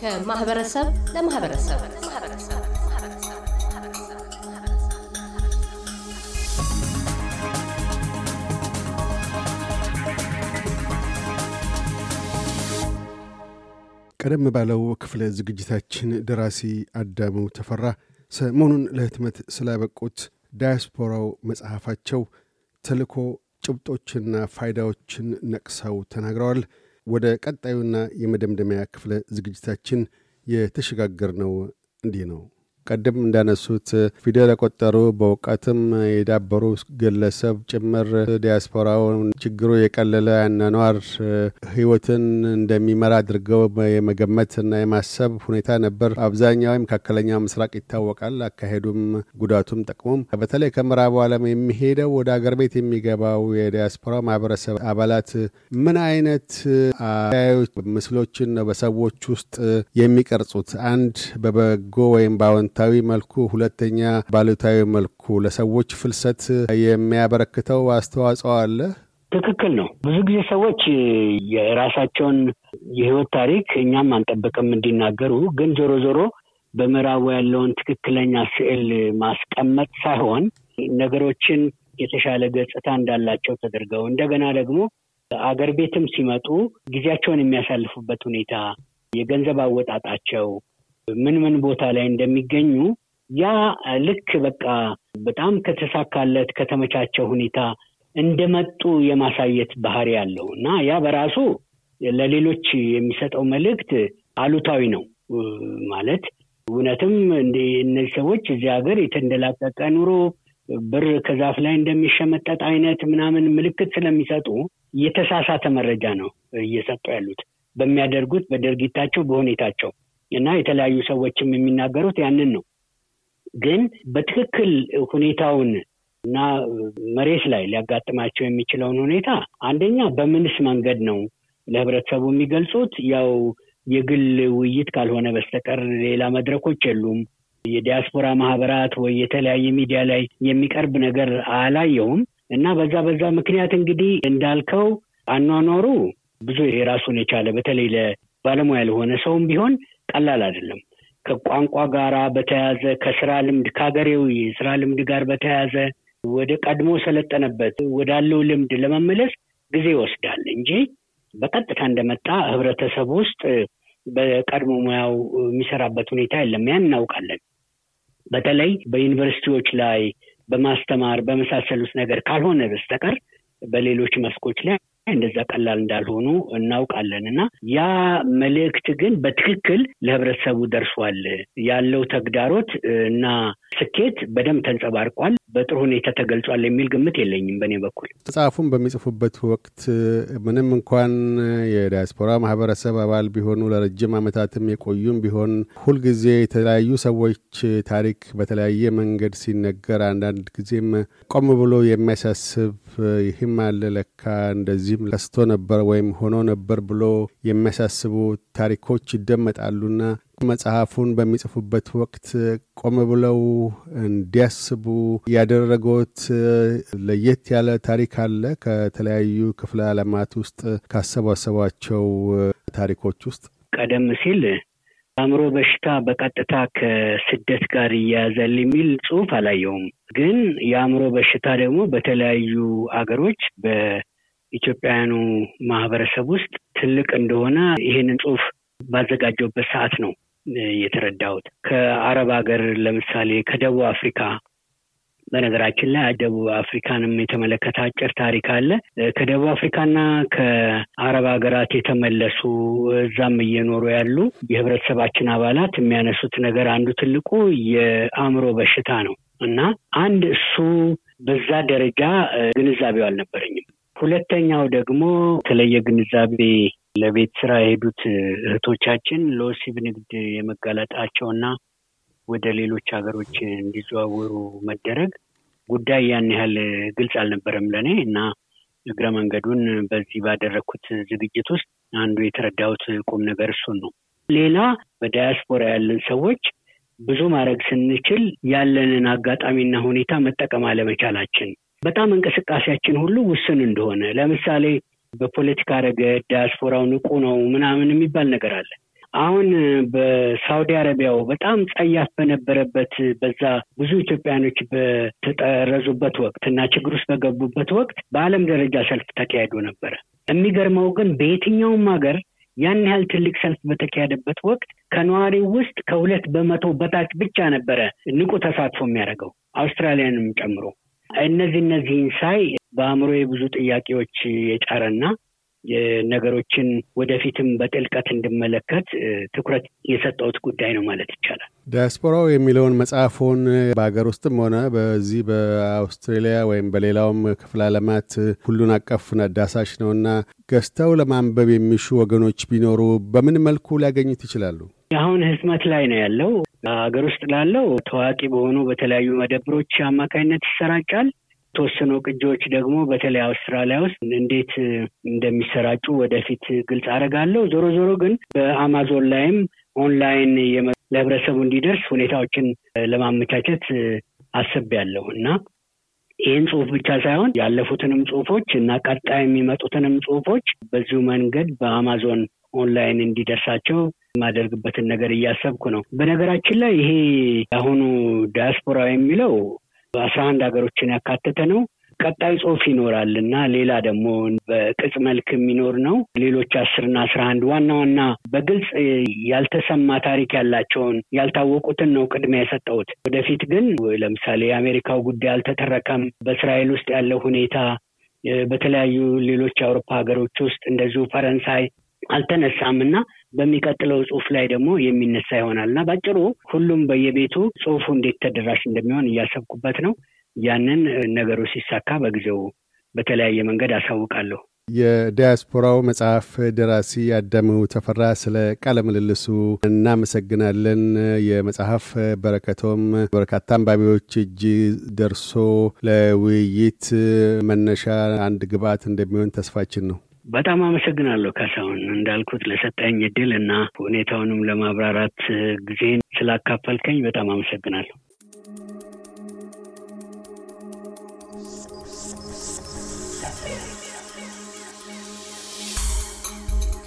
ከማህበረሰብ ለማህበረሰብ ቀደም ባለው ክፍለ ዝግጅታችን ደራሲ አዳሙ ተፈራ ሰሞኑን ለህትመት ስላበቁት ዳያስፖራው መጽሐፋቸው ተልኮ ጭብጦችና ፋይዳዎችን ነቅሰው ተናግረዋል። ወደ ቀጣዩና የመደምደሚያ ክፍለ ዝግጅታችን ነው እንዲህ ነው። ቀደም እንዳነሱት ፊደል የቆጠሩ በእውቀትም የዳበሩ ግለሰብ ጭምር ዲያስፖራውን ችግሩ የቀለለ አኗኗር ህይወትን እንደሚመራ አድርገው የመገመት ና የማሰብ ሁኔታ ነበር። አብዛኛው መካከለኛ ምስራቅ ይታወቃል። አካሄዱም ጉዳቱም ጠቅሙም በተለይ ከምዕራቡ ዓለም የሚሄደው ወደ አገር ቤት የሚገባው የዲያስፖራ ማህበረሰብ አባላት ምን አይነት አያዮች ምስሎችን ነው በሰዎች ውስጥ የሚቀርጹት? አንድ በበጎ ወይም በአወንት በአዎንታዊ መልኩ፣ ሁለተኛ ባሉታዊ መልኩ ለሰዎች ፍልሰት የሚያበረክተው አስተዋጽኦ አለ? ትክክል ነው። ብዙ ጊዜ ሰዎች የራሳቸውን የህይወት ታሪክ እኛም አንጠብቅም እንዲናገሩ፣ ግን ዞሮ ዞሮ በምዕራቡ ያለውን ትክክለኛ ስዕል ማስቀመጥ ሳይሆን ነገሮችን የተሻለ ገጽታ እንዳላቸው ተደርገው እንደገና ደግሞ አገር ቤትም ሲመጡ ጊዜያቸውን የሚያሳልፉበት ሁኔታ፣ የገንዘብ አወጣጣቸው፣ ምን ምን ቦታ ላይ እንደሚገኙ ያ ልክ በቃ በጣም ከተሳካለት ከተመቻቸው ሁኔታ እንደመጡ የማሳየት ባህሪ ያለው እና ያ በራሱ ለሌሎች የሚሰጠው መልእክት አሉታዊ ነው ማለት እውነትም እነዚህ ሰዎች እዚህ ሀገር የተንደላቀቀ ኑሮ ብር ከዛፍ ላይ እንደሚሸመጠጥ አይነት ምናምን ምልክት ስለሚሰጡ የተሳሳተ መረጃ ነው እየሰጡ ያሉት በሚያደርጉት በድርጊታቸው በሁኔታቸው እና የተለያዩ ሰዎችም የሚናገሩት ያንን ነው። ግን በትክክል ሁኔታውን እና መሬት ላይ ሊያጋጥማቸው የሚችለውን ሁኔታ አንደኛ በምንስ መንገድ ነው ለህብረተሰቡ የሚገልጹት? ያው የግል ውይይት ካልሆነ በስተቀር ሌላ መድረኮች የሉም። የዲያስፖራ ማህበራት ወይ የተለያየ ሚዲያ ላይ የሚቀርብ ነገር አላየውም እና በዛ በዛ ምክንያት እንግዲህ እንዳልከው አኗኗሩ ብዙ የራሱን የቻለ በተለይ ለባለሙያ ለሆነ ሰውም ቢሆን ቀላል አይደለም። ከቋንቋ ጋር በተያያዘ ከስራ ልምድ ከሀገሬው የስራ ልምድ ጋር በተያያዘ ወደ ቀድሞ ሰለጠነበት ወዳለው ልምድ ለመመለስ ጊዜ ይወስዳል እንጂ በቀጥታ እንደመጣ ህብረተሰብ ውስጥ በቀድሞ ሙያው የሚሰራበት ሁኔታ የለም። ያን እናውቃለን። በተለይ በዩኒቨርሲቲዎች ላይ በማስተማር በመሳሰሉት ነገር ካልሆነ በስተቀር በሌሎች መስኮች ላይ እንደዛ ቀላል እንዳልሆኑ እናውቃለን እና ያ መልእክት ግን በትክክል ለህብረተሰቡ ደርሷል። ያለው ተግዳሮት እና ስኬት በደንብ ተንጸባርቋል። በጥሩ ሁኔታ ተገልጿል የሚል ግምት የለኝም በእኔ በኩል። መጽሐፉን በሚጽፉበት ወቅት ምንም እንኳን የዲያስፖራ ማህበረሰብ አባል ቢሆኑ ለረጅም ዓመታትም የቆዩም ቢሆን ሁልጊዜ የተለያዩ ሰዎች ታሪክ በተለያየ መንገድ ሲነገር አንዳንድ ጊዜም ቆም ብሎ የሚያሳስብ ይህም አለ ለካ እንደዚህም ከስቶ ነበር ወይም ሆኖ ነበር ብሎ የሚያሳስቡ ታሪኮች ይደመጣሉና መጽሐፉን በሚጽፉበት ወቅት ቆም ብለው እንዲያስቡ ያደረጎት ለየት ያለ ታሪክ አለ? ከተለያዩ ክፍለ ዓለማት ውስጥ ካሰባሰቧቸው ታሪኮች ውስጥ ቀደም ሲል አእምሮ በሽታ በቀጥታ ከስደት ጋር እያያዛል የሚል ጽሁፍ አላየውም። ግን የአእምሮ በሽታ ደግሞ በተለያዩ አገሮች በኢትዮጵያውያኑ ማህበረሰብ ውስጥ ትልቅ እንደሆነ ይህንን ጽሁፍ ባዘጋጀውበት ሰዓት ነው የተረዳሁት። ከአረብ ሀገር ለምሳሌ ከደቡብ አፍሪካ በነገራችን ላይ ደቡብ አፍሪካንም የተመለከተ አጭር ታሪክ አለ። ከደቡብ አፍሪካና ከአረብ ሀገራት የተመለሱ እዛም እየኖሩ ያሉ የህብረተሰባችን አባላት የሚያነሱት ነገር አንዱ ትልቁ የአእምሮ በሽታ ነው እና አንድ እሱ በዛ ደረጃ ግንዛቤው አልነበረኝም። ሁለተኛው ደግሞ የተለየ ግንዛቤ ለቤት ስራ የሄዱት እህቶቻችን ለወሲብ ንግድ የመጋለጣቸውና ወደ ሌሎች ሀገሮች እንዲዘዋወሩ መደረግ ጉዳይ ያን ያህል ግልጽ አልነበረም ለእኔ እና እግረ መንገዱን በዚህ ባደረግኩት ዝግጅት ውስጥ አንዱ የተረዳሁት ቁም ነገር እሱን ነው። ሌላ በዳያስፖራ ያለን ሰዎች ብዙ ማድረግ ስንችል ያለንን አጋጣሚና ሁኔታ መጠቀም አለመቻላችን በጣም እንቅስቃሴያችን ሁሉ ውስን እንደሆነ ለምሳሌ በፖለቲካ ረገድ ዲያስፖራው ንቁ ነው ምናምን የሚባል ነገር አለ። አሁን በሳውዲ አረቢያው በጣም ጸያፍ በነበረበት በዛ ብዙ ኢትዮጵያኖች በተጠረዙበት ወቅት እና ችግር ውስጥ በገቡበት ወቅት በዓለም ደረጃ ሰልፍ ተካሂዶ ነበረ። የሚገርመው ግን በየትኛውም ሀገር ያን ያህል ትልቅ ሰልፍ በተካሄደበት ወቅት ከነዋሪው ውስጥ ከሁለት በመቶ በታች ብቻ ነበረ ንቁ ተሳትፎ የሚያደርገው አውስትራሊያንም ጨምሮ እነዚህ እነዚህን ሳይ በአእምሮ ብዙ ጥያቄዎች የጫረና ነገሮችን ወደፊትም በጥልቀት እንድመለከት ትኩረት የሰጠሁት ጉዳይ ነው ማለት ይቻላል። ዲያስፖራው የሚለውን መጽሐፎን በሀገር ውስጥም ሆነ በዚህ በአውስትሬሊያ ወይም በሌላውም ክፍለ ዓለማት ሁሉን አቀፍ ዳሳሽ ነውና ገዝተው ለማንበብ የሚሹ ወገኖች ቢኖሩ በምን መልኩ ሊያገኙት ይችላሉ? አሁን ህትመት ላይ ነው ያለው። ሀገር ውስጥ ላለው ታዋቂ በሆኑ በተለያዩ መደብሮች አማካኝነት ይሰራጫል። የተወሰኑ ቅጂዎች ደግሞ በተለይ አውስትራሊያ ውስጥ እንዴት እንደሚሰራጩ ወደፊት ግልጽ አደርጋለሁ። ዞሮ ዞሮ ግን በአማዞን ላይም ኦንላይን ለህብረተሰቡ እንዲደርስ ሁኔታዎችን ለማመቻቸት አስቤያለሁ እና ይህን ጽሁፍ ብቻ ሳይሆን ያለፉትንም ጽሁፎች እና ቀጣይ የሚመጡትንም ጽሁፎች በዚሁ መንገድ በአማዞን ኦንላይን እንዲደርሳቸው የማደርግበትን ነገር እያሰብኩ ነው። በነገራችን ላይ ይሄ አሁኑ ዳያስፖራ የሚለው አስራ አንድ ሀገሮችን ያካተተ ነው። ቀጣይ ጽሁፍ ይኖራል እና ሌላ ደግሞ በቅጽ መልክ የሚኖር ነው። ሌሎች አስርና አስራ አንድ ዋና ዋና በግልጽ ያልተሰማ ታሪክ ያላቸውን ያልታወቁትን ነው ቅድሚያ የሰጠሁት። ወደፊት ግን ለምሳሌ የአሜሪካው ጉዳይ አልተተረከም። በእስራኤል ውስጥ ያለው ሁኔታ በተለያዩ ሌሎች የአውሮፓ ሀገሮች ውስጥ እንደዚሁ ፈረንሳይ አልተነሳም እና በሚቀጥለው ጽሁፍ ላይ ደግሞ የሚነሳ ይሆናል እና ባጭሩ ሁሉም በየቤቱ ጽሁፉ እንዴት ተደራሽ እንደሚሆን እያሰብኩበት ነው። ያንን ነገሩ ሲሳካ በጊዜው በተለያየ መንገድ አሳውቃለሁ። የዲያስፖራው መጽሐፍ ደራሲ አዳምው ተፈራ ስለ ቃለ ምልልሱ እናመሰግናለን። የመጽሐፍ በረከቶም በርካታ አንባቢዎች እጅ ደርሶ ለውይይት መነሻ አንድ ግብአት እንደሚሆን ተስፋችን ነው። በጣም አመሰግናለሁ ካሳሁን፣ እንዳልኩት ለሰጠኝ እድል እና ሁኔታውንም ለማብራራት ጊዜን ስላካፈልከኝ በጣም አመሰግናለሁ።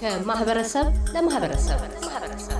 ከማህበረሰብ ለማህበረሰብ